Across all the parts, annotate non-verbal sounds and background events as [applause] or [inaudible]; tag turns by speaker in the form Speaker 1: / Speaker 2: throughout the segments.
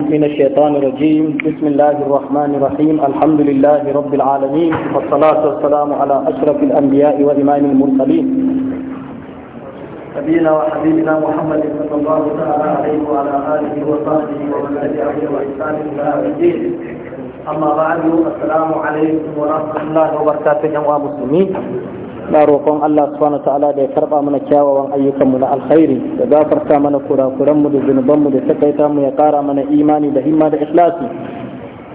Speaker 1: من الشيطان الرجيم بسم الله الرحمن الرحيم الحمد لله رب العالمين والصلاة والسلام على أشرف الأنبياء وإمام المرسلين نبينا وحبيبنا محمد صلى الله تعالى عليه وعلى آله وصحبه ومن تبعه وإحسان إلى الدين أما بعد السلام عليكم ورحمة الله وبركاته يا مسلمين na roƙon Allah subhanahu ta'ala da ya karɓa mana kyawawan ayyukanmu na alkhairi da gafarta mana kurakuranmu da zunubanmu da takaita mu ya ƙara mana imani da himma da ikhlasi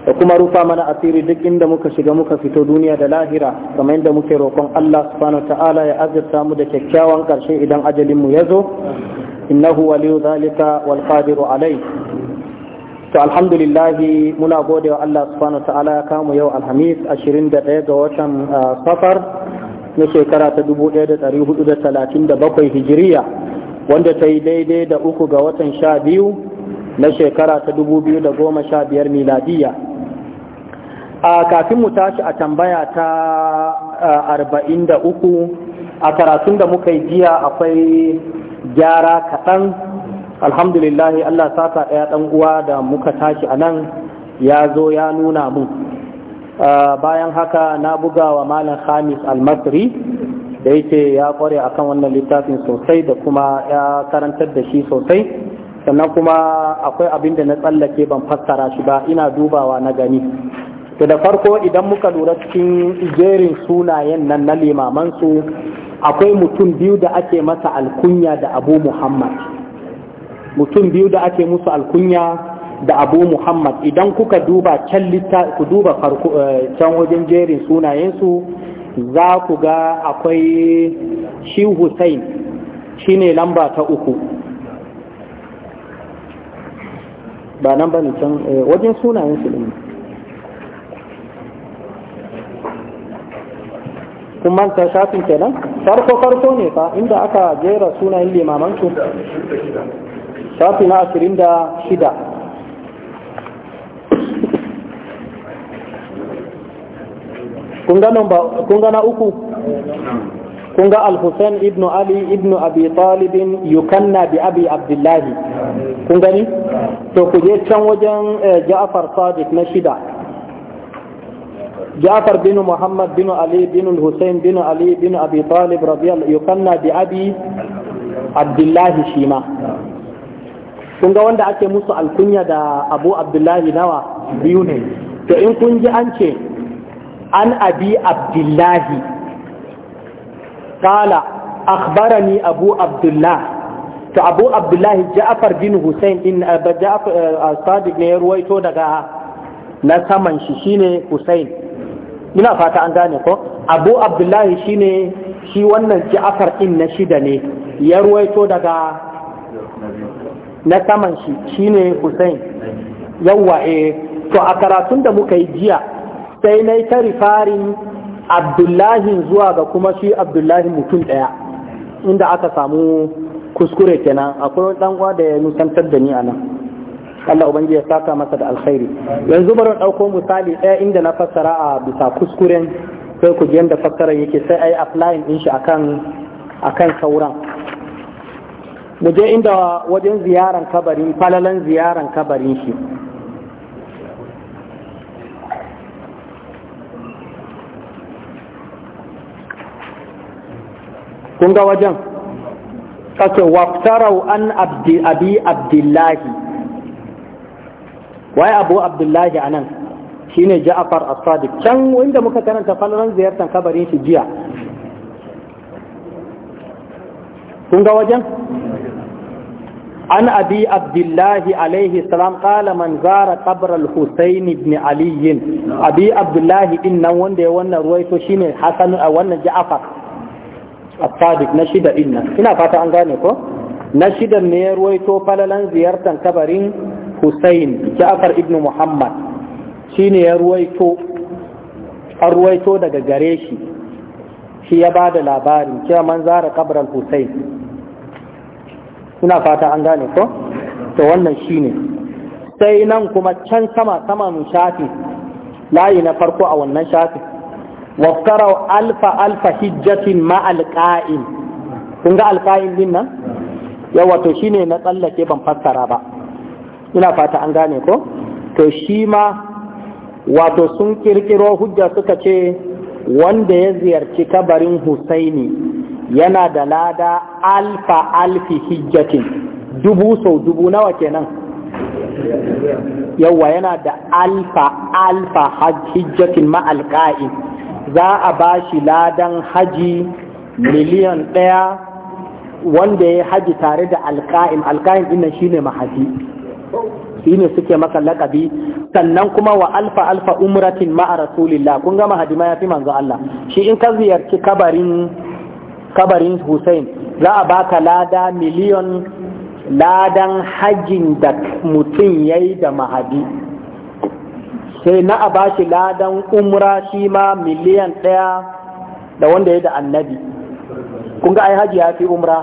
Speaker 1: da kuma rufa mana asiri duk inda muka shiga muka fito duniya da lahira kamar yadda muke roƙon Allah subhanahu ta'ala ya azurta mu da kyakkyawan ƙarshe idan ajalin mu ya zo innahu waliyu zalika wal qadiru alai to alhamdulillah muna gode wa Allah subhanahu ta'ala ya kamu yau alhamis 21 ga watan ah, safar na shekara ta 1437 hijiriya wanda ta yi daidai da uku ga watan sha biyu na shekara ta 2015 miladiya a kafin mu tashi a tambaya ta 43 a karatun da muka yi jiya akwai gyara kaɗan alhamdulillahi allah sata ɗaya ɗan uwa da muka tashi a nan ya zo ya nuna mu Ah, bayan haka na buga wa malam khamis almasri da yake ya kware akan wannan littafin sosai da kuma ya karantar da shi sosai sannan kuma akwai abin da na tsallake ban fassara shi ba ina dubawa na gani to da farko idan muka lura cikin jerin sunayen nan na limamansu akwai mutum biyu da ake masa alkunya da abu muhammad mutum biyu da ake musu alkunya da abu muhammad idan kuka duba can ku duba eh, can wajen jerin sunayensu za ku ga akwai shi hussein shi ne lamba ta uku ba nan ba ne can eh, wajen sunayensu ɗin kun manta shafin kenan farko farko ne fa inda aka jera sunayen limamansu shafi na ashirin da shida kun uku kun al hussein ibn Ali ibn Abi talibin yukanna bi Abi Abdullahi kun gani to ku je can wajen eh, Ja'far Sadiq na shida Ja'far bin Muhammad bin Ali bin Hussein bin Ali bin Abi Talib radiyallahu yukanna bi Abi Abdullahi shima kun ga wanda ake musu alkunya da Abu Abdullahi nawa biyu ne to in kun ji an ce an abi abdullahi kala akhbarani abu abdullah to abu abdullahi ja'far bin hussein in sadiq ne ya ruwaito daga na saman shi shine hussein ina fata an gane ko abu abdullahi shine shi wannan ja'far din na shida ne ya ruwaito daga na saman shi shine hussein yawwa eh to a karatun da muka yi jiya sai na ta rifarin abdullahi zuwa ga kuma shi abdullahi mutum ɗaya inda aka samu kuskure kenan akwai wani ɗan'uwa da ya nusantar da ni a nan Allah Ubangiji ya saka masa da alkhairi yanzu bari ɗauko misali ɗaya inda na fassara a bisa kuskuren sai ku ji yadda fassarar yake sai a yi applying ɗin shi akan akan sauran mu je inda wajen ziyaran kabarin falalan ziyaran kabarin shi kun ga wajen kake waftarau an abdi abi abdullahi wai abu abdullahi anan shine shi ne ja'afar asadi can inda muka karanta falon ziyartar kabarin shi jiya kun ga wajen an abi abdullahi alaihi salam kala man zara kabral husain ibn aliyin abi abdullahi din nan wanda ya wannan ruwaito shine hasan wannan ja'afar الصادق نشد إنا هنا فاتا أنغانيكو نشد ميرويتو فللن زيارة كبرين حسين جعفر ابن محمد شين يرويتو أرويتو دقا جريشي shi ya ba da labarin cewa man zara kabral ina fata an gane ko to wannan shine sai nan kuma can kama sama shafin, layi na farko a wannan shafin waftarau alfa alfa hijjatin ma alƙa’in kun ga alƙa'in din nan yawa to shine na tsallake ban fassara ba ina fata an gane ko to shi ma wato sun ƙirƙiro hujja suka ce wanda ya ziyarci kabarin husaini yana da lada alfa alfi hijjatin dubu sau dubu nawa kenan yawa yana da alfa alfa hijjatin ma'alƙa'in za a ba shi ladan haji miliyan ɗaya wanda ya haji tare da alka'im alka'im ɗin shine mahadi shine suke maka lakabi sannan kuma wa alfa alfa umratin ma'a rasulillah kun ga mahadi ma yafi manzo Allah shi in ka ziyarci kabarin kabarin Hussein za a baka lada miliyon ladan hajjin da mutum yayi da mahadi sai na a bashi ladan umra shi ma miliyan ɗaya da wanda ya da annabi kun ga ai haji ya fi umra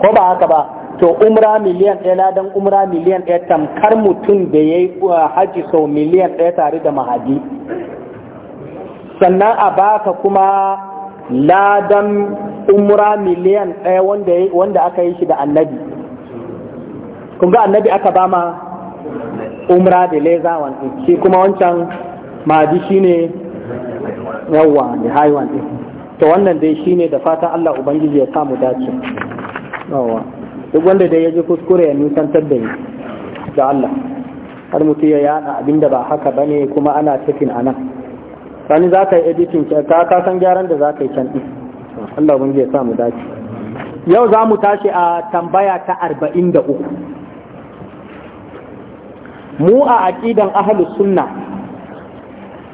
Speaker 1: ko ba haka ba to umra miliyan ɗaya ladan umra miliyan ɗaya tamkar mutum da ya yi uh, haji sau miliyan ɗaya tare da mahadi sannan a baka kuma ladan umra miliyan ɗaya wanda aka yi shi da annabi kun annabi aka ba ma
Speaker 2: umra da leza
Speaker 1: wanti shi kuma wancan maji shine yawwa da haiwan ɗin, to wannan dai shine da fatan Allah ubangiji ya samu dace Yawwa, duk wanda dai ya ji kuskure ya nusantar da ni da Allah har mutu ya yada abinda ba haka bane kuma ana cikin anan sani za ka yi editin ka ka san gyaran da za ka yi can din Allah ubangiji ya samu dace yau za mu tashi a tambaya ta 43 mu a aqidan ahlus sunna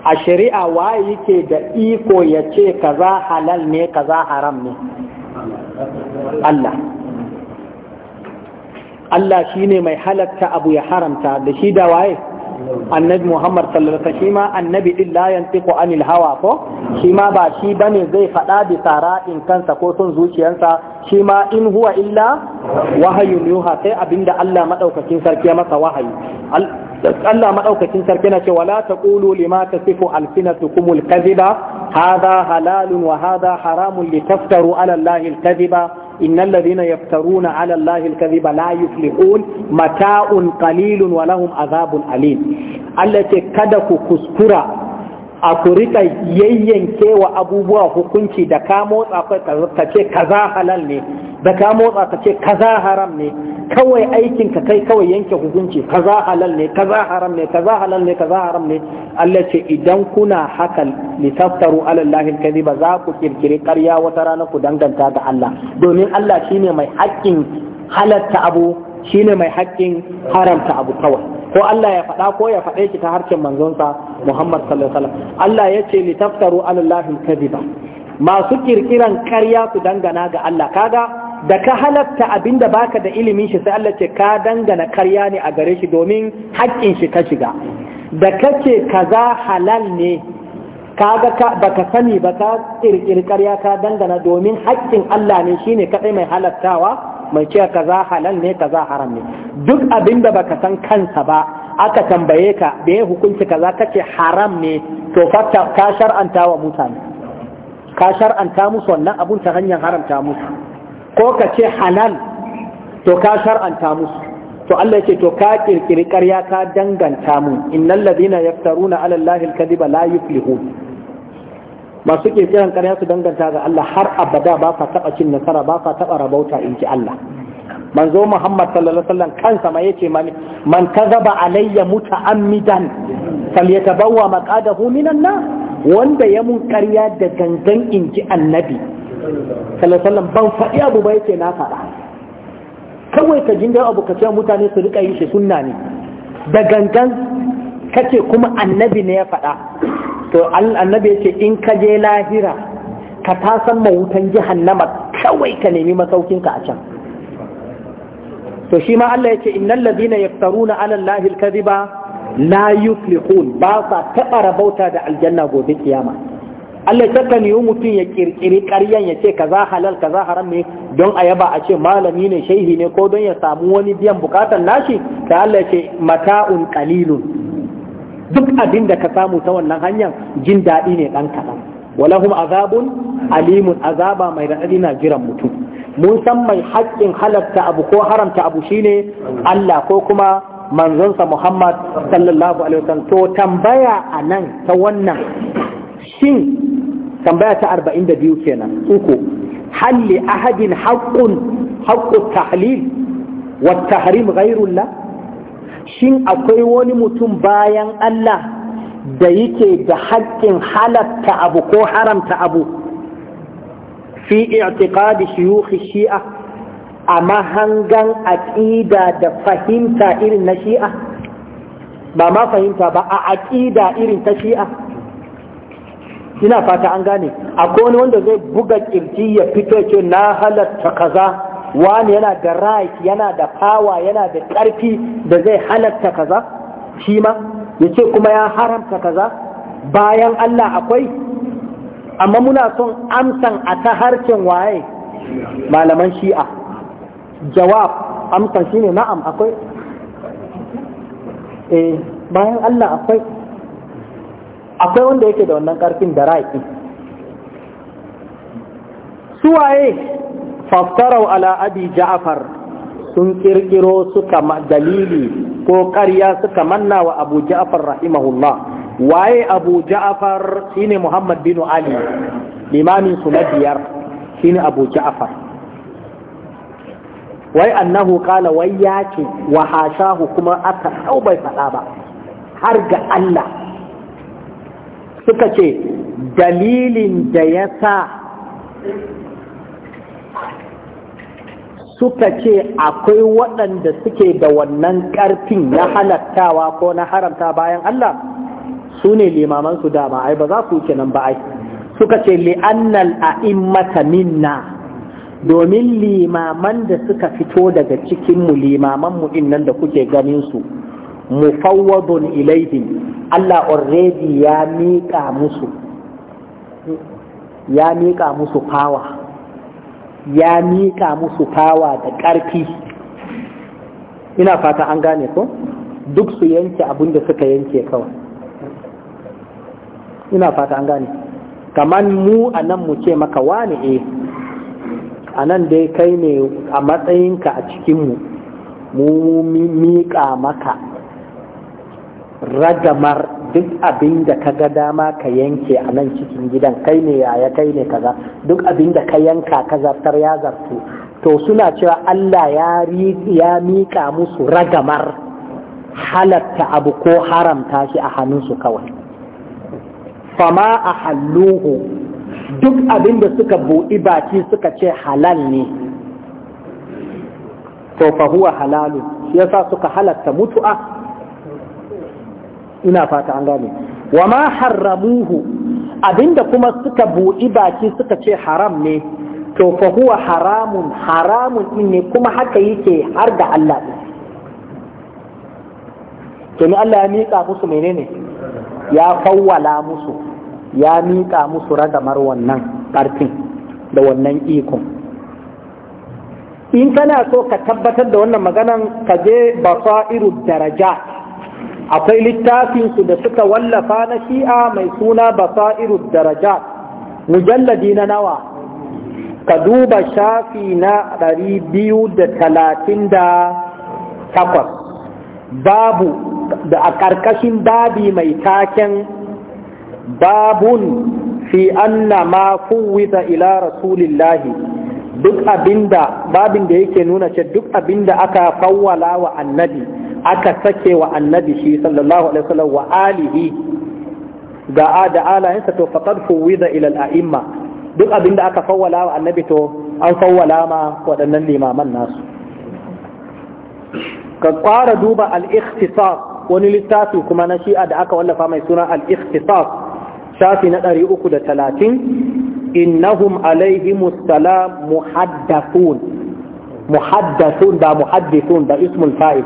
Speaker 1: a shari'a waye yake da iko ya ce kaza halal ne kaza haram ne Allah Allah shine mai halatta abu ya haramta da shi da waye annabi Muhammad sallallahu shi ma annabi din la yantiqu anil hawa ko shi ma ba shi bane zai faɗa bisa ra'in kansa ko son zuciyarsa shi ma in huwa illa wahayu yuha sai abinda Allah madaukakin sarki ya masa wahayi Allah madaukakin sarki na ce wala taqulu lima tasifu alsinatukum alkadhiba hadha halalun wa hadha haramun litaftaru ala allahi alkadhiba innal ladina yaftaruna ala allahi alkadhiba la yuflihun mata'un qalilun wa lahum azabun alim Allah ce kada ku kuskura a ku yayyanke wa abubuwa hukunci da ka motsa ka ce kaza halal ne da ka motsa ka ce kaza haram ne kawai aikin ka kai kawai yanke hukunci kaza halal ne kaza haram ne kaza halal ne kaza haram ne Allah ce idan kuna haka litaftaru ala Allahil ba za ku kirkiri karya wata rana ku danganta ga Allah domin Allah shine mai haƙƙin halatta abu shine mai haƙƙin haramta abu kawai ko Allah ya faɗa ko ya faɗe ki ta harshen manzonsa Muhammad sallallahu alaihi wasallam Allah ya ce li taftaru ala kadiba masu kirkiran ƙarya su dangana ga Allah kaga da ka halatta abinda baka da ilimin shi sai Allah ce ka dangana ƙarya ne a gare shi domin haƙƙin shi ka shiga da kace kaza halal ne kaga ka baka sani ba ka kirkiri ƙarya ka dangana domin haƙƙin Allah ne shine kadai mai halattawa mai cewa kaza halal ne kaza haram ne duk abin da baka san kansa ba aka tambaye ka da ya hukunci kaza kace haram ne to fa ka shar'anta wa mutane ka shar'anta musu wannan abun ta hanyar haramta musu ko ka ce halal to ka shar'anta musu to Allah yake to ka kirkiri karya ka danganta mu innal ladina yaftaruna ala allahi alkadiba la yuflihun masu ke kiran karya su danganta ga Allah har abada ba ka taɓa cin nasara ba ka taɓa rabauta in ji Allah manzo Muhammad sallallahu alaihi wasallam kansa ma yace man man kazaba alayya muta'ammidan falyatabawwa maqadahu minan nar wanda ya mun karya da gangan in ji annabi sallallahu alaihi wasallam ban faɗi abu ba yace na faɗa kawai ka jingar abu ka ce mutane su rika yin shi sunna ne da gangan kace kuma annabi ne ya faɗa to annabi ya ce in ka je lahira ka ta san mawutan jahannama kawai ka nemi masaukinka a can to shi ma Allah ya ce innal ladina yaftaruna ala allahi alkadhiba la yuflihun ba sa taɓa rabauta da aljanna gobe kiyama Allah ya takan yi mutum ya kirkiri ƙaryan ya ce kaza halal kaza haram ne don a yaba a ce malami ne shehi ne ko don ya samu wani biyan bukatar nashi ta Allah ya ce mata'un qalilun duk abin da ka samu ta wannan hanyar jin daɗi ne ɗan kaɗan walahum azabun alimun azaba mai raɗaɗi na jiran mutum mun san mai haƙƙin halarta abu ko haramta abu shine Allah ko kuma manzonsa Muhammad sallallahu alaihi wasallam to tambaya a nan ta wannan shin tambaya ta 42 kenan uku halli ahadin haqqun haqqut tahlil harim tahrim ghayrullah shin akwai wani mutum bayan Allah da yake da haƙƙin halatta abu ko haramta abu fi i'tiqadi shuyukh shi'a a mahangan aƙida da fahimta irin na shi'a ba ma fahimta ba a aƙida irin ta shi'a ina fata an gane akwai wani wanda zai buga kirji ya fito ce na halatta kaza wani yana da right yana da power yana da ƙarfi da zai halatta kaza shi ma ya ce kuma ya haramta kaza bayan Allah akwai amma muna son amsan a ta harshen waye malaman shi'a jawab amsan shine na'am akwai eh bayan Allah akwai akwai wanda yake da wannan ƙarfin da right su waye fastarau ala abi ja'far sun kirkiro suka dalili ko ƙarya suka manna wa abu ja'far rahimahullah waye abu ja'far shine muhammad bin ali limamin su na biyar shine abu wai annahu kala wai ce wa hashahu kuma aka dau bai faɗa ba har ga Allah suka ce dalilin da ya sa suka ce akwai waɗanda suke da wannan ƙarfin na halattawa ko na haramta bayan Allah su ne limaman su dama ai ba za su wuce nan ba ai suka ce li'annal a'immata minna domin limaman da suka fito daga cikinmu limaman mu nan da kuke ganin su mufawwadun ilaihim Allah already ya miƙa musu ya miƙa musu fawa ya miƙa musu fawa da ƙarfi ina fata an gane ko duk su yanke abin da suka yanke kawai ina fata an gane kamar mu a nan mu ce maka wani e eh, a nan dai kai ne a matsayinka a cikinmu mu mika maka ragamar duk abin da ka ga dama ka yanke a nan cikin gidan kai ne yaya kai ne kaza duk abin da ka yanka ka zartar ya zartu to suna cewa Allah ya miƙa musu ragamar halatta abu ko haramta shi a hannunsu kawai fama a halluhu duk abin da suka buɗi baki suka ce halal ne to fa huwa halalu yasa suka halatta mutu'a ina fata an gane wa ma haramuhu abinda kuma suka buɗi baki suka ce haram ne to fahuwa haramun haramun inne kuma haka yike har da Allah din kemi Allah ya miƙa musu menene ya fawwala musu ya miƙa musu ragamar wannan ƙarfin da wannan ikon in kana so ka tabbatar da wannan maganan ka je basairu daraja akwai littafinsu da suka wallafa na shi'a mai suna basairu daraja mujalladi na nawa ka duba shafi na ɗari biyu da talatin da takwas babu da a ƙarƙashin babi mai taken babun fi anna ma fuwita ila rasulillahi duk abinda babin da yake nuna ce duk abinda aka fawwala wa annabi aka sake wa annabi shi sallallahu alaihi wasallam wa alihi ga da alayensa to faqad fuwida ila al-a'imma duk abin da aka fawwala wa annabi to an fawwala ma waɗannan limaman nasu ka ƙara duba al-ikhtisas wani littafi kuma na shi'a da aka wallafa mai suna al-ikhtisas shafi na ɗari 330 innahum alaihimus salam muhaddathun muhaddathun da muhaddithun da ismul fa'il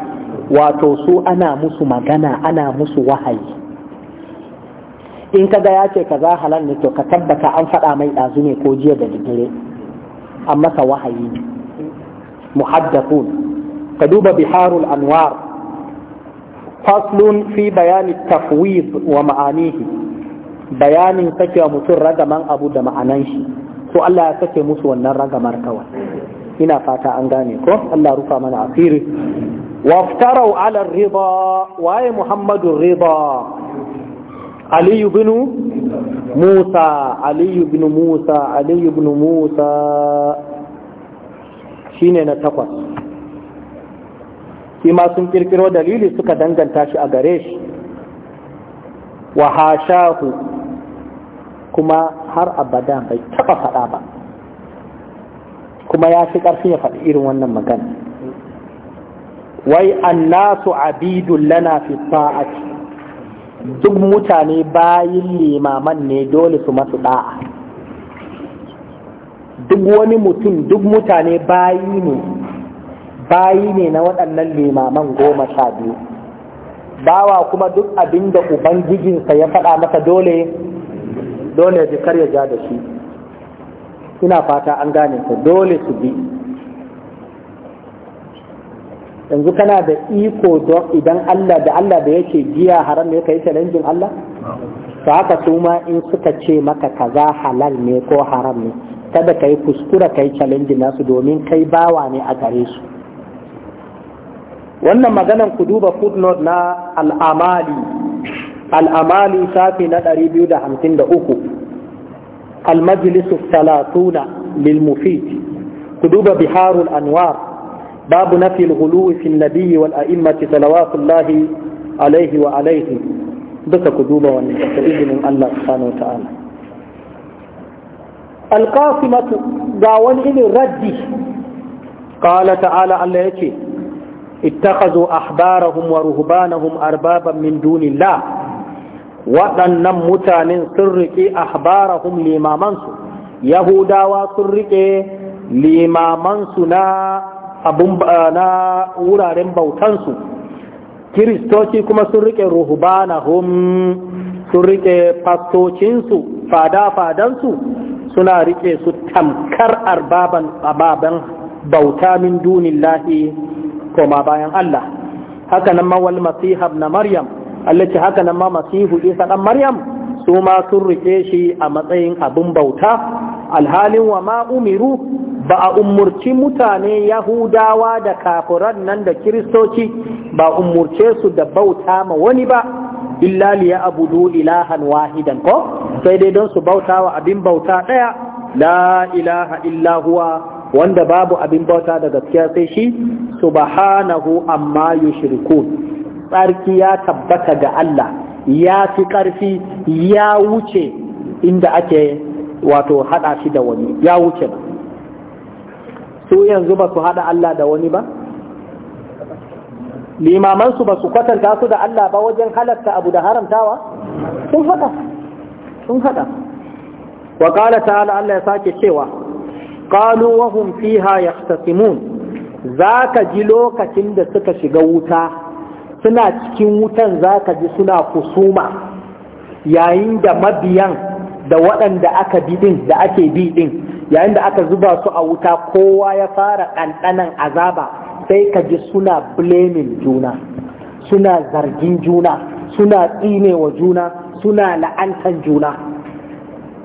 Speaker 1: wato su ana musu magana ana musu wahayi in kaga ya ce za halal ne to ka tabbata an faɗa mai ɗazu ne ko jiya da daddare an masa wahayi ne muhaddathun ka duba biharul anwar faslun fi bayani tafwid wa ma'anihi bayanin sake wa mutum ragaman abu da ma'anan shi to Allah ya sake musu wannan ragamar kawai ina fata an gane ko Allah rufa mana asiri waftarau ala riba waye muhammadu Riba? aliyu binu musa aliyu binu musa aliyu binu musa ne na takwas shi ma sun kirkiro dalili suka danganta shi a gare shi wa hashahu kuma har abada bai taba faɗa ba kuma ya fi ƙarfin ya faɗi irin wannan magana wai annasu abidun lana fi ta'ati duk mutane bayin limaman ne dole su masu da'a duk wani mutum duk mutane bayi ne bayi ne na waɗannan limaman goma sha biyu bawa kuma duk abin da ubangijinsa ya faɗa masa dole dole ya kar ya ja da shi ina fata an gane ka dole su bi yanzu kana da iko don idan Allah da Allah da yake giya haram ne kai challenge Allah to haka su ma in suka ce maka kaza halal ne ko haram ne kada yi kuskura kai challenging nasu domin kai bawa ne a gare su wannan maganan ku duba footnote na al'amali al'amali safi na 253 al-majlisu 30 lil mufid ku duba biharul anwar باب نفي الغلو في النبي والأئمة صلوات الله عليه وعليه بس كذوبة من الله سبحانه وتعالى القاسمة داون إلى الرد قال تعالى الله يكي اتخذوا أحبارهم ورهبانهم أربابا من دون الله وأن mutanen من riƙe أحبارهم لما yahudawa يهودا riƙe لما na abun eh, na wuraren bautansu kiristoci kuma sun rike ruhubanahum sun rike fastocinsu fada-fadansu suna rike su tamkar arbaban ababen bauta min lahi koma bayan Allah haka nan mawal masihab na maryam Allah ce haka nan ma masihu isa dan maryam su ma sun rike shi a matsayin abun bauta alhalin wa ma umiru ba a umurci mutane yahudawa da kafiran nan da kiristoci ba umurce su da bauta ma wani ba illa liya abudu ilahan wahidan ko sai dai don su bauta wa abin bauta ɗaya la ilaha illa huwa wanda babu abin bauta da gaskiya sai shi subhanahu amma yushrikun tsarki ya tabbata ga Allah ya fi ƙarfi ya wuce inda ake wato hada shi da wani ya wuce ba su yanzu ba su haɗa Allah da wani ba limamansu ba su kwatanta su da Allah ba wajen halatta abu da haramtawa sun hada sun hada wa Allah ya sake cewa qalu wa hum fiha yahtasimun zaka ji lokacin da suka shiga wuta suna cikin wutan zaka ji suna kusuma yayin da mabiyan da waɗanda aka bi ɗin da ake bi ɗin yayin da aka zuba su a wuta kowa ya fara ɗanɗanan azaba sai ka ji suna blaming juna suna zargin juna suna tsinewa juna suna la'antan juna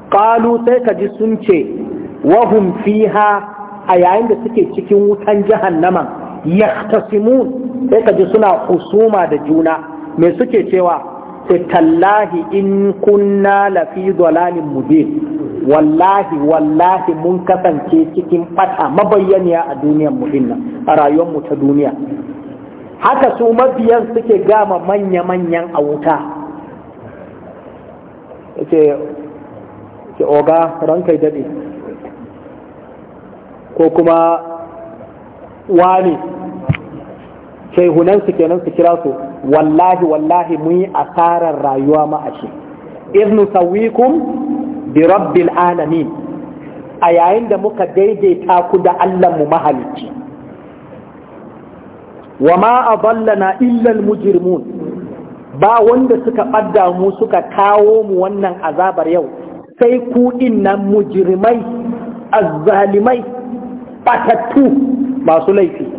Speaker 1: ƙalu sai ka ji sun ce wahum fiha a yayin da suke cikin wutan jahannaman yahtasimun sai ka ji suna husuma da juna me suke cewa ce tallahi in kunna lafi dalalin mubin wallahi wallahi mun kasance cikin fata mabayyaniya a duniyar mu dinnan a rayuwar mu ta duniya haka su mabiyan suke gama manya manyan a wuta ce ce oga ranka daɗe ko kuma wani shehunan su kenan su kira su wallahi wallahi mun yi asarar rayuwa ma a iznu sawikum bi rabbil alamin a yayin da muka daidaita ku da Allah mu mahalicci wa ma adallana illa almujrimun ba wanda suka badda mu suka kawo mu wannan azabar yau sai ku dinnan mujrimai azzalimai ɓatattu masu laifi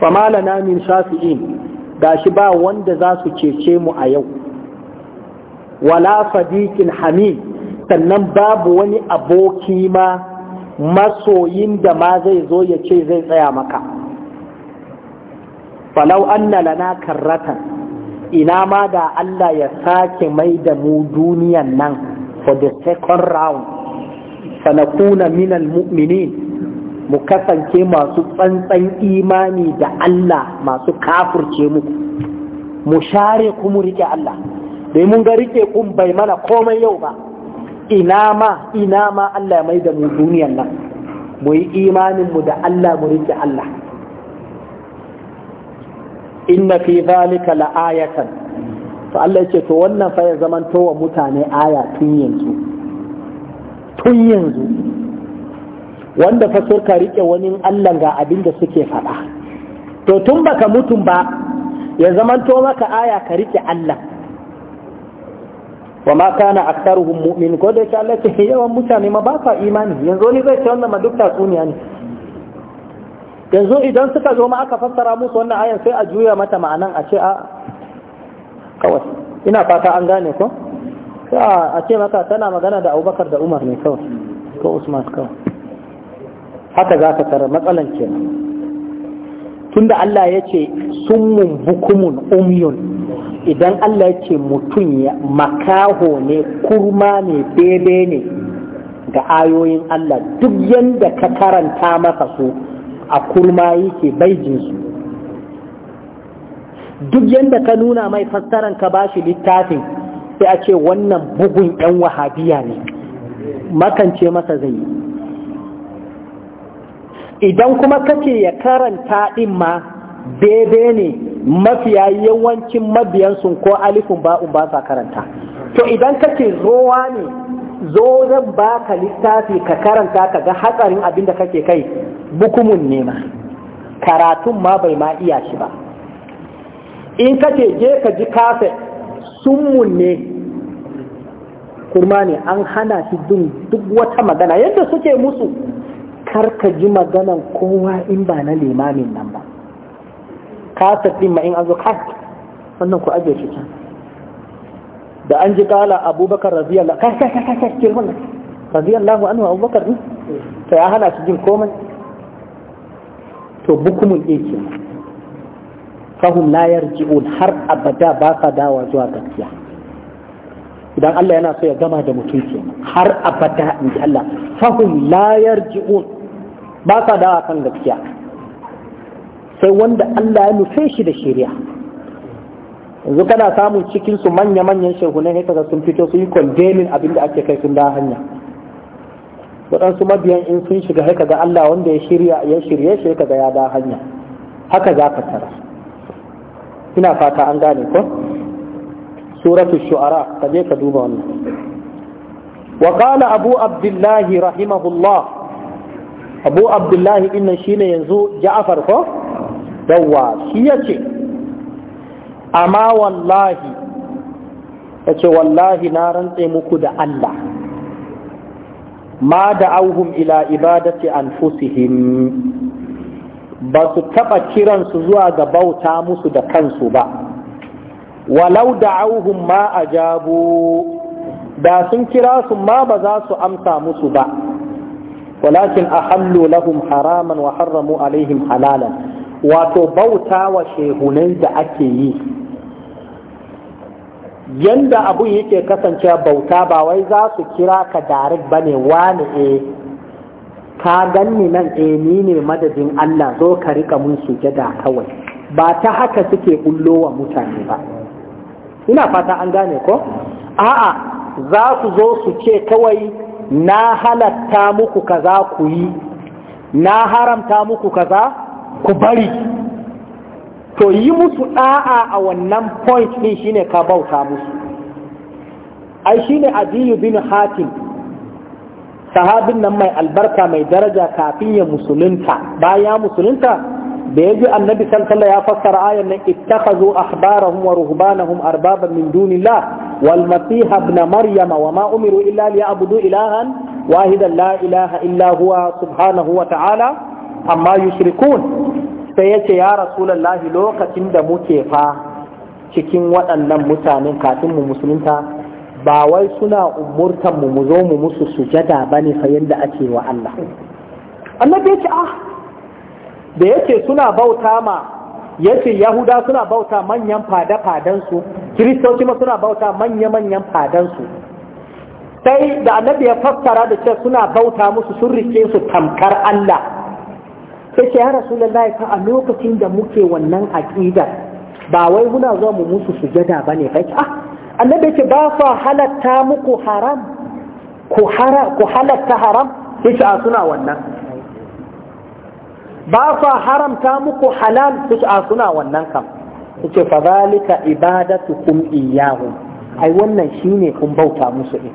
Speaker 1: famala na min shafi'in shi ba wanda za su cece mu a yau wala sadiqin hamid sannan babu wani aboki ma masoyin da ma zai zo ya ce zai tsaya maka falau anna lana karratan ina ma da Allah ya sake mai da mu duniyan nan for the second round sanakuna minal mu'minin mu kasance masu tsantsan imani da Allah masu kafurce muku mu share kuma rike Allah dai mun ga rike kun bai mana komai yau ba ina ma ina ma Allah mai da mu duniyan nan mu yi imanin mu da Allah mu rike Allah inna fi zalika la ayatan to Allah yake to wannan fa ya zamanto wa mutane aya tun yanzu tun yanzu wanda fa suka rike wani Allah ga abin da suke faɗa to tun baka mutum ba ya zamanto maka aya ka rike Allah wa ma kana aktharuhum mu'min ko da ta Allah ce yawan mutane ma ba sa imani yanzu ni zai ce wannan ma duk tatsuniya ne yanzu idan suka zo ma aka fassara musu wannan ayan sai a juya mata ma'anan a ce a kawai ina fata an gane ko a ce maka tana magana da abubakar da umar ne kawai ko usman kawai haka za ka tara matsalan kenan tunda Allah ya ce summun bukumun umyun idan Allah ya ce mutum ya makaho ne kurma ne bebe ne ga ayoyin Allah duk yadda ka karanta masa su a kurma yake baijinsu duk yadda ka nuna mai fassaran ka bashi littafin sai a ce wannan bugun 'yan wahabiya ne makance masa zai yi idan kuma kake ya karanta ɗin ma daidai ne mafiya yawancin mabiyansu ko alifin ba'un ba sa karanta to idan kake zowa ne zo zan ba ka littafi ka karanta ka ga hatsarin abin da kake kai bukumun nema karatun ma bai ma iya shi ba in kake je ka ji kafe sun munne. kurma ne an hana shi duk wata magana yadda suke musu Kar ka ji maganan kowa in ba na limamin nan ba ka tafi ma in an zo kai wannan ku ajiye shi can da an ji kala abubakar radiyallahu kai kai kai kai cikin wannan radiyallahu anhu abubakar ne to ya hana shi jin komai to bukumun yake fahum la yarji'un har abada ba sa dawa zuwa gaskiya idan Allah yana so ya gama da mutum kenan har abada in ji Allah fahum la yarji'un ba sa dawa kan gaskiya sai wanda Allah ya nufe shi da shari'a yanzu kana samun cikin su manya-manyan shehunai ne kaga sun fito su yi condemning abin da ake kai sun da hanya waɗansu mabiyan in sun shiga haka ga Allah wanda ya shirya ya shirye shi kaga ya da hanya haka za ka tara ina fata an gane ko suratul shu'ara ka je ka duba wannan wa qala abu abdullahi rahimahullah abu abdullahi shi ne yanzu ja'afar ko yawa shi ya ce amma wallahi ya ce wallahi na rantse muku da Allah ma da auhum ila ibadati anfusihim ba su taɓa kiransu zuwa ga bauta musu da kansu ba walau da auhun ma a ajabu da sun kira su ma ba za su amsa musu ba walakin ahallu lahum haraman wa haramu alaihim halalan wato bauta wa shehunai da ake yi yanda abun yake kasancewa bauta ba wai za su kira ka darik ba ne wani e eh, ka ganni nan e ni ne madadin Allah zo ka rika mun sujada kawai ba ta haka suke bullo wa mutane ba ina fata an gane ko a'a za su zo su ce kawai na halatta muku kaza ku yi na haramta muku kaza ku bari to yi musu ɗa'a a wannan point din shine ka bauta musu ai shine adiyu bin hatim sahabin nan mai albarka mai daraja kafin ya musulunta baya musulunta da ya ji annabi sallallahu ya fassara ayan nan ittakhazu ahbarahum wa ruhbanahum arbaban min dunillah والمسيح ابن مريم وما أمروا إلا ليعبدوا إلها واحدا لا إله إلا هو سبحانه وتعالى أما يشركون rasu يا رسول الله muke مكيفا cikin waɗannan mutanen kafin mu musulunta ba wai suna umurtan mu mu zo mu musu sujada ba ne fa yanda ake wa Allah annabi ya ce ah da yake suna bauta ma yace yahuda suna bauta manyan fada-fadansu kiristoci ma suna bauta manya-manyan fadansu sai da annabi ya fassara da ce suna bauta musu sun rike su tamkar Allah sai ce ya rasulullahi fa a lokacin da muke wannan aqida ba wai muna zuwa mu musu sujada bane kai ah annabi ce ba fa halatta muku haram ku haram ku halatta haram sai a suna wannan ba sa haramta muku halal kusa suna wannan kam su ce fa zalika ibadatukum iyyahum ai wannan shine kun bauta musu din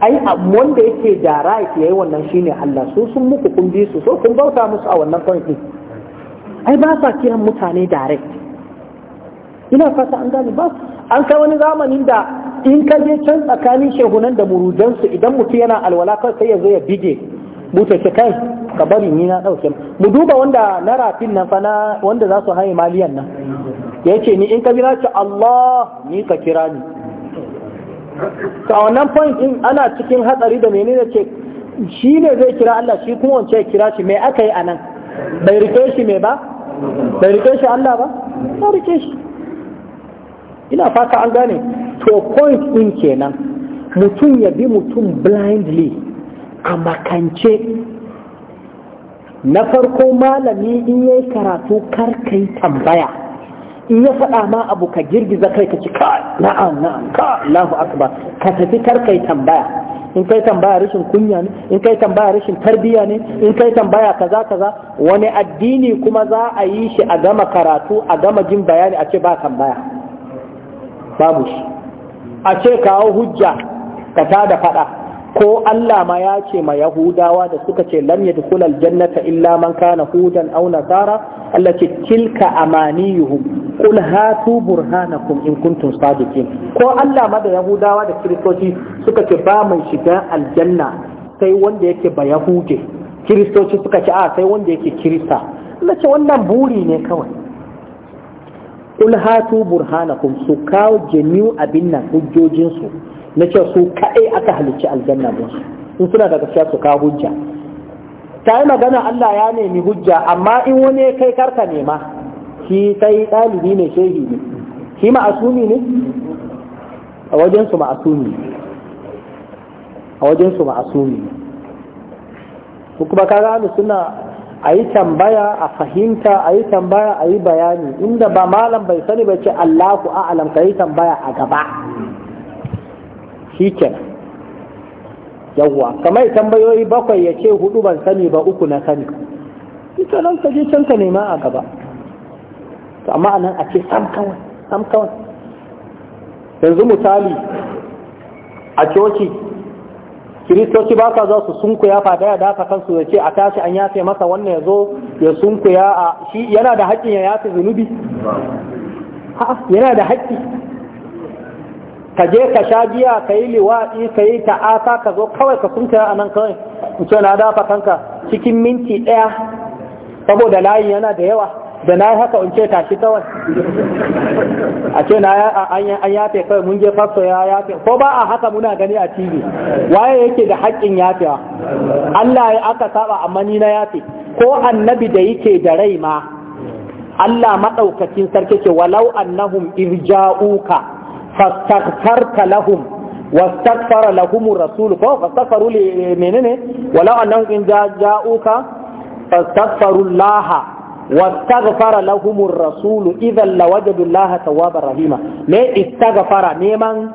Speaker 1: ai wanda yake da right yayi wannan shine Allah su sun muku kun bi su so kun bauta musu a wannan point din ai ba sa kiran mutane direct ina fata an gane ba an kai wani zamanin da in ka je can tsakanin shehunan da murujansu idan mutum yana alwala kai sai ya zo ya bige buce kai ka bari ni na dauke mu duba wanda na rafin nan fa na wanda za su haye maliyan nan yace ni in ka bira ce Allah ni ka kira ni to a wannan point in ana cikin hatsari da menene ce shi ne zai kira Allah shi kuma wance ya kira shi me aka yi anan bai rike shi me ba bai rike shi Allah ba ba rike shi ina fata an gane to point din kenan mutum ya bi mutum blindly a makance na farko malami in yi karatu kar yi tambaya in ya faɗa ma abu ka girgiza kai ka ci ka na'am na'am ka Allahu akbar ka tafi kar kai tambaya in kai tambaya rashin kunya ne in kai tambaya rashin tarbiya ne in kai tambaya kaza kaza wani addini kuma za a yi shi a gama karatu a gama jin bayani a ce ba tambaya babu shi a ce kawo hujja ka tada faɗa ko Allah ma ya ce ma Yahudawa da suka ce lam yadkhul aljannata illa man kana hudan aw nasara Allah ce tilka amaniyuhum qul hatu burhanakum in kuntum sadiqin ko Allah ma da Yahudawa da Kiristoci suka ce ba mai shiga aljanna sai wanda yake ba Yahude Kiristoci suka ce a sai wanda yake Kirista Allah ce wannan buri ne kawai qul hatu burhanakum su kawo jami'u abin nan hujjojinsu na cewa su kaɗai aka halicci aljanna din su in suna da gaskiya su kawo hujja ta yi magana Allah ya nemi hujja amma in wani kai karka nema shi sai ɗalibi ne shehi ne shi ma'asumi ne a wajen su ma'asumi a wajen su ma'asumi ne kuma kaga suna a yi tambaya a fahimta a yi tambaya a yi bayani inda ba malam bai sani ba ce ku a'alam ka yi tambaya a gaba shi kenan yawwa kamar tambayoyi bakwai ya ce hudu ban sani ba uku na sani ita nan ka je can ka nema a gaba to amma nan a ce sam kawai sam kawai yanzu misali a coci kiristoci ba ka za su sunkuya fada ya dafa kansu ya ce a tashi an yafe masa wannan ya zo ya sunkuya a shi yana da haƙƙin ya yafe zunubi yana da haƙƙi ka je ka sha giya ka yi liwaɗi ka yi ta'asa ka zo kawai ka kunta a nan kawai in ce na dafa kanka cikin minti ɗaya saboda layin yana da yawa da na yi haka in ce tashi kawai a ce na an yafe kawai mun je fasto ya yafe ko ba a haka muna gani a tv waye yake da haƙƙin yafewa Allah ya aka saba amma ni na yafe ko annabi da yake da rai ma Allah maɗaukacin sarki ce walau annahum irja'uka fastaghfarta lahum wastaghfara lahum rasul ko fastaghfaru li menene wala annahum in ja'uka fastaghfaru Allah wastaghfara lahum rasul idhan lawajadu Allah tawwaban rahima me istaghfara neman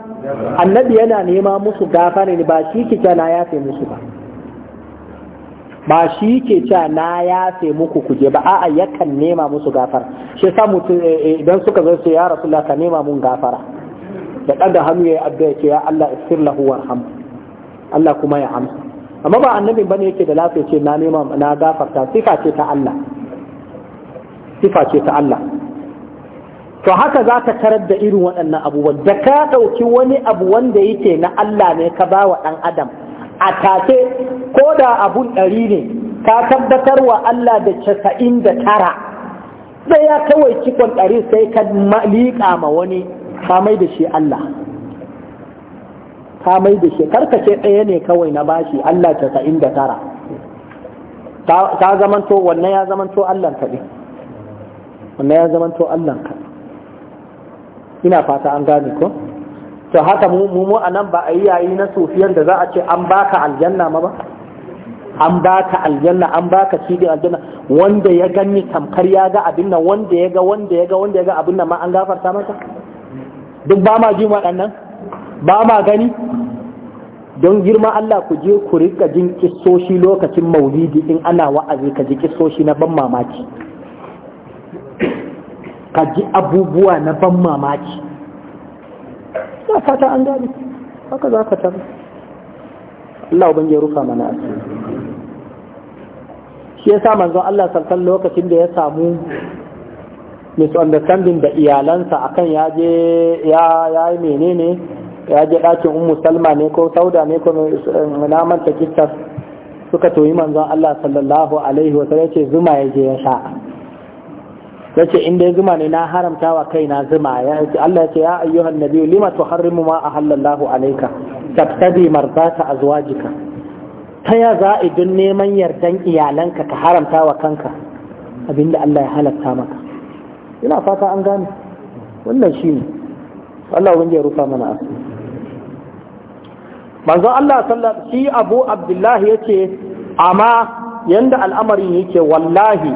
Speaker 1: annabi yana nema musu gafara ne ba shi kike na yafe musu ba ba shi ke cewa na yafe muku kuje ba a'a yakan nema musu gafara shi sa mutum idan suka zo su ya rasulullah ka nema mun gafara da ɗaga hannu ya yi addu'a ce ya Allah ighfir lahu warham Allah kuma ya amsa amma ba annabi bane yake da lafiya ce na nema na gafarta sifa ce ta Allah sifa ce ta Allah to haka za ka tarar da irin waɗannan abubuwan da ka ɗauki wani abu wanda yake na Allah ne ka ba wa ɗan adam a take ko da abun ɗari ne ka tabbatar wa Allah da casa'in da tara ya kawai cikon ɗari sai ka liƙa ma wani ka da shi Allah kamai da shi karkace ɗaya ne kawai na bashi Allah casa'in da tara ta zamanto wannan ya zamanto Allah kaɗai? ne wannan ya zamanto Allah ka ina fata an gane ko to haka mu mu a nan ba a yi yayi na sufiyar da za a ce an baka aljanna ma ba an baka aljanna an baka cibiyar aljanna wanda ya gani tamkar ya ga abin nan wanda ya ga wanda ya ga wanda ya ga abin nan ma an gafarta masa duk ba ma jin waɗannan ba ma gani don girma Allah ku je ku rika jin kisoshi lokacin maulidi in ana wa'azi ka ji kisoshi na ban mamaki ka ji abubuwa na ban mamaki Ya fata an gani haka za ka tabi Allah ban ya rufa mana asiri shi ya sa manzon Allah sallallahu lokacin da ya samu misunderstanding da iyalansa akan ya je ya ya yi menene ya je ɗakin umu salma ne ko sauda ne ko namar manta kistar suka toyi manzon Allah sallallahu alaihi wasallam yace zuma ya je ya sha yace inda ya zuma ne na haramta wa na zuma ya ce Allah ya ce ya ayyuhan nabiyyu lima tuharrimu ma hallallahu alaika tabtabi marzata azwajika ta ya za idan neman yardan iyalanka ka haramta wa kanka abinda Allah ya halatta maka ina fata an gane wannan shi ne Allah wani ya rufa mana asiri manzon Allah sallar shi Abu ya yace amma yanda al'amarin yake wallahi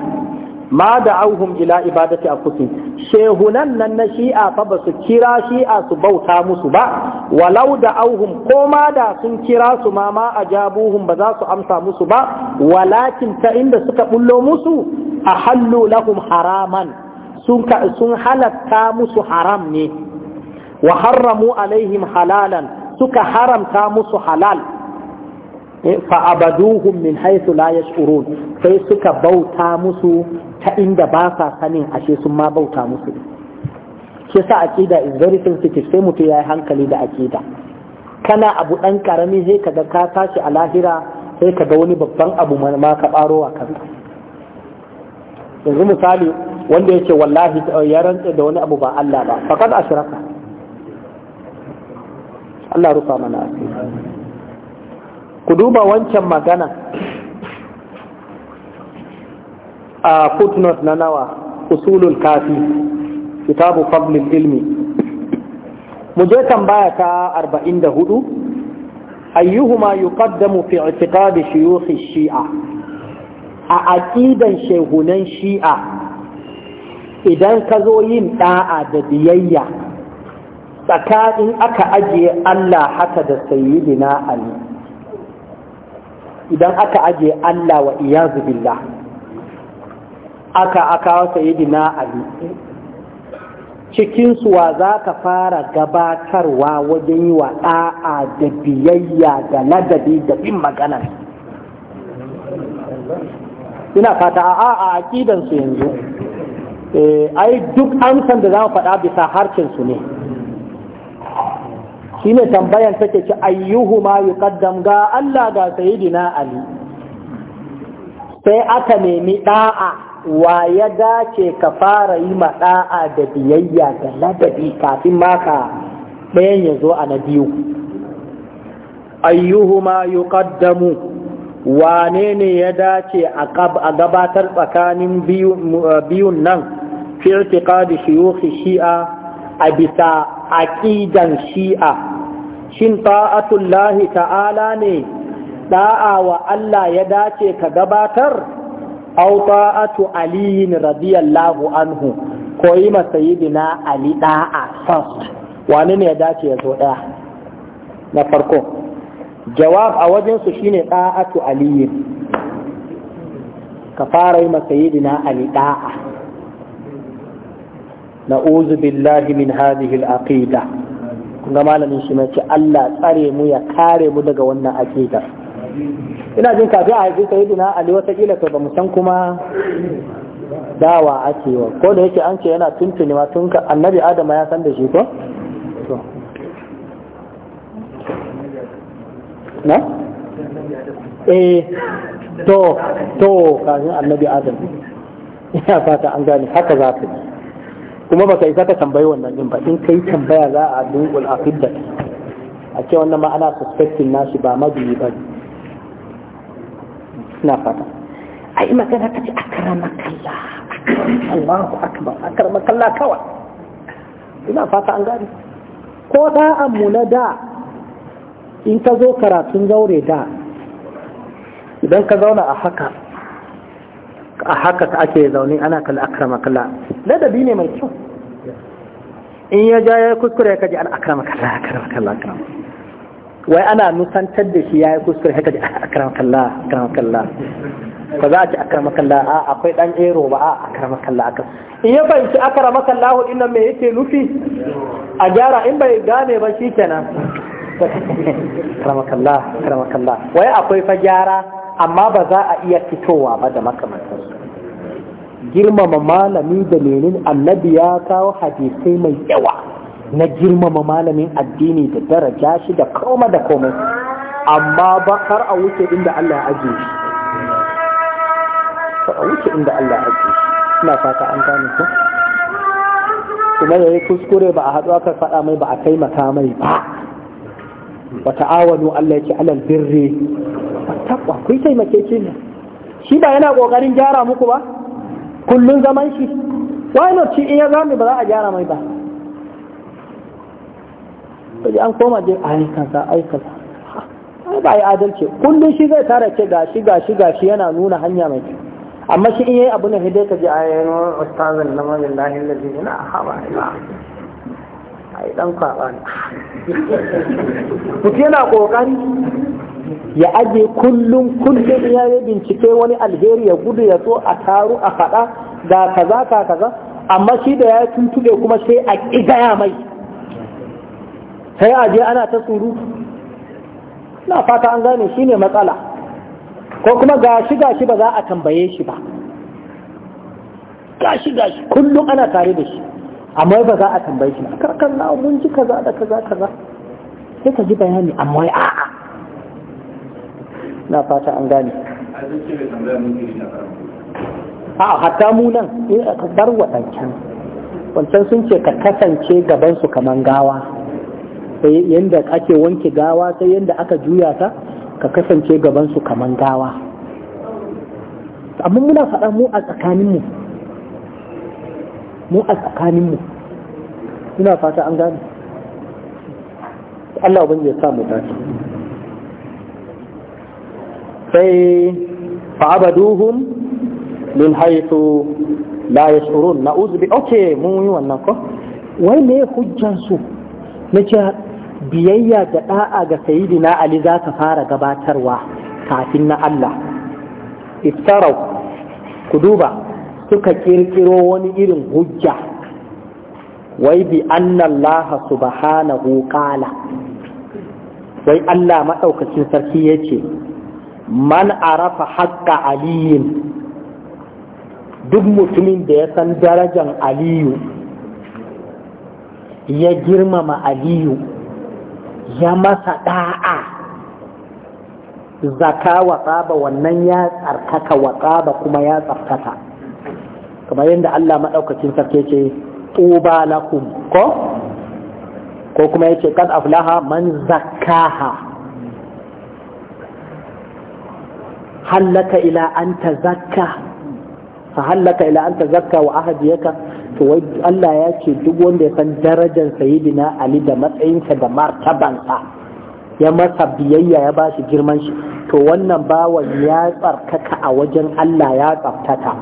Speaker 1: ma da'awhum ila ibadati anfusihim shehunan nan na shi'a fa ba su kira shi'a su bauta musu ba walau da'awhum ko ma da sun kira su ma ma ajabuhum ba za su amsa musu ba walakin ta inda suka bullo musu ahallu lahum haraman sun halatta musu haram ne wa harramu alaihim halalan suka haramta musu halal eh, fa abaduhum min haythu la yash'urun sai suka bauta musu ta inda ba sa sanin ashe sun ma bauta musu shi sa aqida is very sensitive sai mutum yayi hankali da aqida kana abu dan karami sai kaga ka tashi a lahira sai kaga wani babban abu ma ka baro a kanka yanzu misali wanda yake wallahi eh, ya rantse da wani abu ba Allah ba faqad ashraka Allah rufa mana ku duba wancan magana a footnote na nawa usulul kafi kitabu fadlil ilmi mu je tambaya ta 44 ayyuhuma yuqaddamu fi i'tiqadi shuyukh shi'a a aqidan shehunan shi'a idan ka zo yin ɗa'a da biyayya tsakanin aka ajiye Allah haka da sayyidina Ali idan aka ajiye Allah wa iyazu billah aka aka sayyidina Ali cikin suwa za ka fara gabatarwa wajen yi wa ɗa'a da biyayya da ladabi da bin magana ina fata a a aƙidansu yanzu Eh, ai duk amsan da za mu faɗa bisa harcin su ne shine tambayan take ci ayyuhuma kaddam ga Allah ga saidina Ali sai aka nemi ɗa'a, wa ya dace ka fara yi ma ɗa'a da biyayya da ladabi kafin maka ɗayan ya zo a na biyu ayyuhuma kaddamu wane ne ya dace a gabatar tsakanin biyun nan fi i'tiqadi shuyukh shi'a a bisa shi'a shin ta'atullahi ta'ala ne da'a wa Allah ya dace ka gabatar aw ta'atu aliyin radiyallahu anhu ko yi ali da'a wani ne ya dace ya zo daya na farko jawab a wajensu shine da'atu aliyin ka fara yi masayidina ali da'a na'uzu billahi min hadhihi al-aqida kun ga malamin shi mai ce Allah tsare mu ya kare mu daga wannan aqida ina jin kafin a haifi sayyidina Ali wata kila to ba mu san kuma dawa a wa ko da yake an ce yana tuntuni ma tun annabi Adama ya san da shi ko to na
Speaker 2: eh to to
Speaker 1: kafin annabi Adam ina fata an gane haka za ka yi kuma baka isa ka tambayi wannan din ba in kai tambaya za a dunkul a fidda a ce wannan ma ana suspectin nashi ba mabiyi ba na fata a yi magana ta ce akarama kalla Allahu akbar akarama kalla kawai ina fata an gani ko da mu na da in ka zo karatun zaure da idan ka zauna a haka a haka ka ake zaune ana kal akrama kalla. ladabi ne mai kyau in ya ja ya kuskure ka ji al akrama kalla, akrama kallah akrama wai ana nusantar da shi ya yi kuskure ka ji akrama kallah akrama kallah ba za a ci akrama kalla? a akwai dan ero ba a akrama kalla. aka in ya fahimci akrama kallah din nan me yake nufi a gyara in bai gane ba shikenan [laughs] akrama kalla, akrama kalla, wai akwai fa gyara amma ba za a iya fitowa ba da makamantarsu girmama malami da lenin annabi ya kawo hadisai mai yawa na girmama malamin addini da daraja shi da koma da komai amma ba har a wuce inda Allah ya ajiye shi har a wuce inda Allah ya ajiye shi ina fata an gane ku? kuma yayi kuskure ba a haɗu aka faɗa mai ba a taimaka mai ba wa ta'awanu Allah yake alal birri wa taqwa ku taimake shi ne shi ba yana kokarin gyara muku ba kullun zaman shi why not shi in ya ba za a gyara mai ba sai an koma je ai kaza ai kaza ai ba ai adalci kullun shi zai tara ce gashi gashi gashi yana nuna hanya mai kyau amma shi in yayi abu ne sai dai ka ji ayyano ustazan lamarin lahi lazi ina haba ina ai dan kwaba ne mutum yana kokari ya aje kullum kullum ya yi bincike wani alheri ya gudu ya so a taru a faɗa ga kaza ka kaza amma shi da ya tuntube kuma sai a ƙigaya mai sai aje ana ta surutu na fata an gane shi ne matsala ko kuma gashi gashi ba za a tambaye shi ba gashi gashi kullum ana tare da shi amma ba za a tambaye shi karkar na mun ji kaza da kaza kaza sai ka ji bayani amma ya a'a na fata an gane a hatta mu nan in eh, aka bar wadancan wancan sun ce ka kasance gaban su kaman gawa sai yanda ake wanke gawa sai yanda aka juya ta ka kasance gaban su kaman gawa amma muna faɗa mu a tsakaninmu mu mu a tsakaninmu ina fata an gane Allah ban ya sa mu dace sai fa'abaduhum min haythu la yash'urun na'udhu bi okay mun yi wannan ko wai me hujjan su nace biyayya da da'a ga sayyidina Ali za ka fara gabatarwa kafin na Allah iftarau ku duba suka kirkiro wani irin hujja wai bi annallaha subhanahu qala wai Allah maɗaukacin sarki ya ce man arafa haƙƙa aliyin duk mutumin da ya san darajan aliyu ya girmama aliyu ya masa ɗa'a zaka wa wannan ya tsarkaka wa kuma ya tsarkaka kamar yadda Allah maɗaukacin sarki ce tuba lakum ko ko kuma yace kad aflaha man zakkaha hallaka ila an fa hallaka ila an wa ahadiyaka to Allah ya ce duk wanda ya san darajar sayyidina Ali da matsayinsa da martabansa ya masa biyayya ya ba shi girman shi to wannan bawan ya tsarkaka a wajen Allah ya tsaftaka.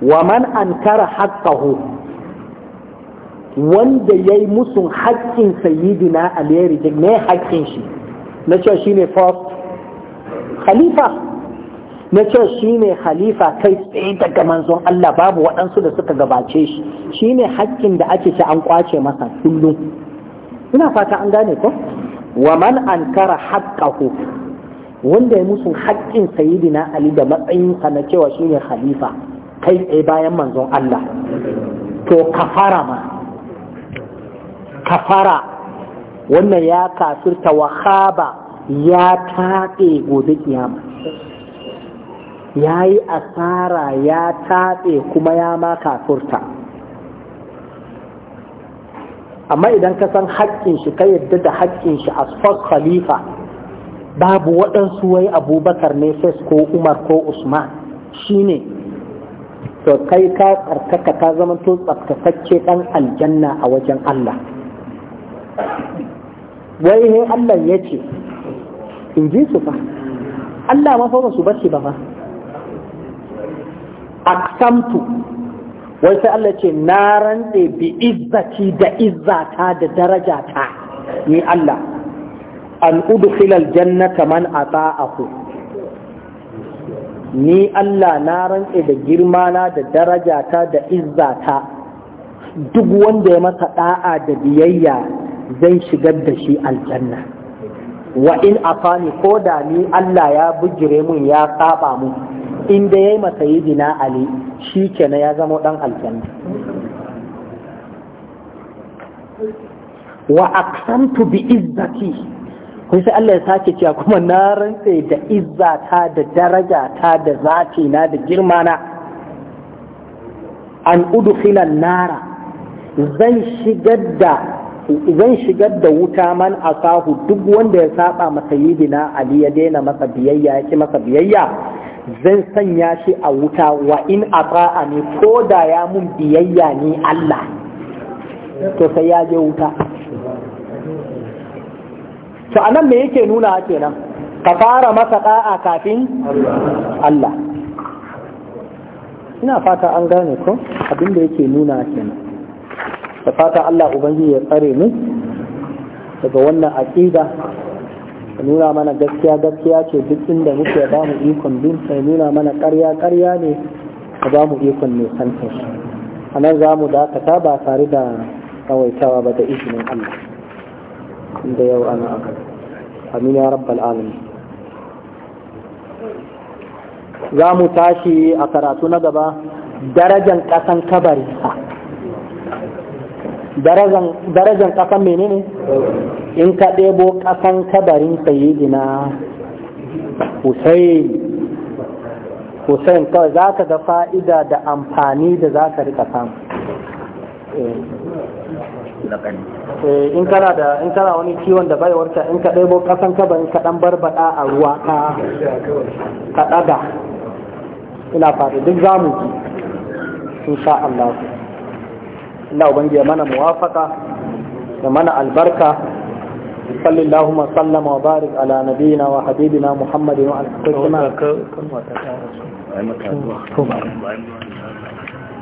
Speaker 1: wa man ankara haqqahu wanda yayi musun haƙƙin sayyidina Ali ya rije ne haƙƙin shi na shi ne first khalifa na shi ne khalifa kai tsaye daga manzon Allah babu waɗansu da suka gabace shi ne haƙƙin da ake ci an kwace masa kullum ina fata an gane ko wa man ankara haqqahu wanda ya musu haƙƙin sayyidina Ali da matsayin sa na cewa shi ne khalifa kai tsaye bayan manzon Allah to kafara ma kafara wannan ya kafirta wa khaba ya taɓe gobe kiyama ya yi asara ya taɓe kuma ya ma kafirta amma idan ka san haƙƙin shi ka yadda da haƙƙin shi a khalifa babu waɗansu wai abubakar ne ko umar ko usman shine to kai ka tsarkaka ka zama to tsarkakakke dan aljanna a wajen Allah wai ne Allah ya ce in ji su fa Allah ma fa su bace ba fa aksamtu wai sai Allah ce na rantse bi izzati da izzata da darajata ni Allah an udkhila aljannata man ata'ahu ni Allah na rantse da girmana da darajata da izzata duk wanda ya masa da'a da biyayya zan shigar da shi aljanna wa in afani ko da ni Allah ya bujire mun ya saba mun inda yayi masa yidina ali shi kenan ya zama dan aljanna wa aqsamtu bi izzati kun sai Allah ya sake cewa kuma na rantse da izza ta da daraja ta da zati na da girma na an udkhilan nara zan shigar da zan shigar da wuta man asahu duk wanda ya saba masa yidina ali ya daina masa biyayya ya ki masa biyayya zan sanya shi a wuta wa in ata'a ne ko da ya mun biyayya ni Allah to sai ya je wuta to anan me yake nuna kenan ka fara masa ɗa'a kafin Allah ina fata an gane ko abin da yake nuna kenan da fata Allah ubangiji ya tsare mu daga wannan aƙida. Ka nuna mana gaskiya gaskiya ce duk inda muke ba mu ikon bin sai nuna mana ƙarya ƙarya ne ka ba mu ikon ne santa a nan za mu dakata ba tare da tsawaitawa ba da izinin Allah inda yau ana aka amin ya rabbal alamin za mu tashi a karatu na gaba darajan kasan kabari darajan kasan menene in ka ɗebo kasan kabarin gina Hussein Hussein kawai za ka ga fa'ida da amfani da za ka rika samu eh. mutlaqan eh in kana da in kana wani ciwon da bai warka in ka ɗebo kasan ka bari ka dan barbada a ruwa ka ka daga ina fata duk zamu ji insha Allah Allah ubangi ya mana muwafaka da mana albarka صل اللهم وسلم وبارك على نبينا wa محمد وعلى اله
Speaker 2: وصحبه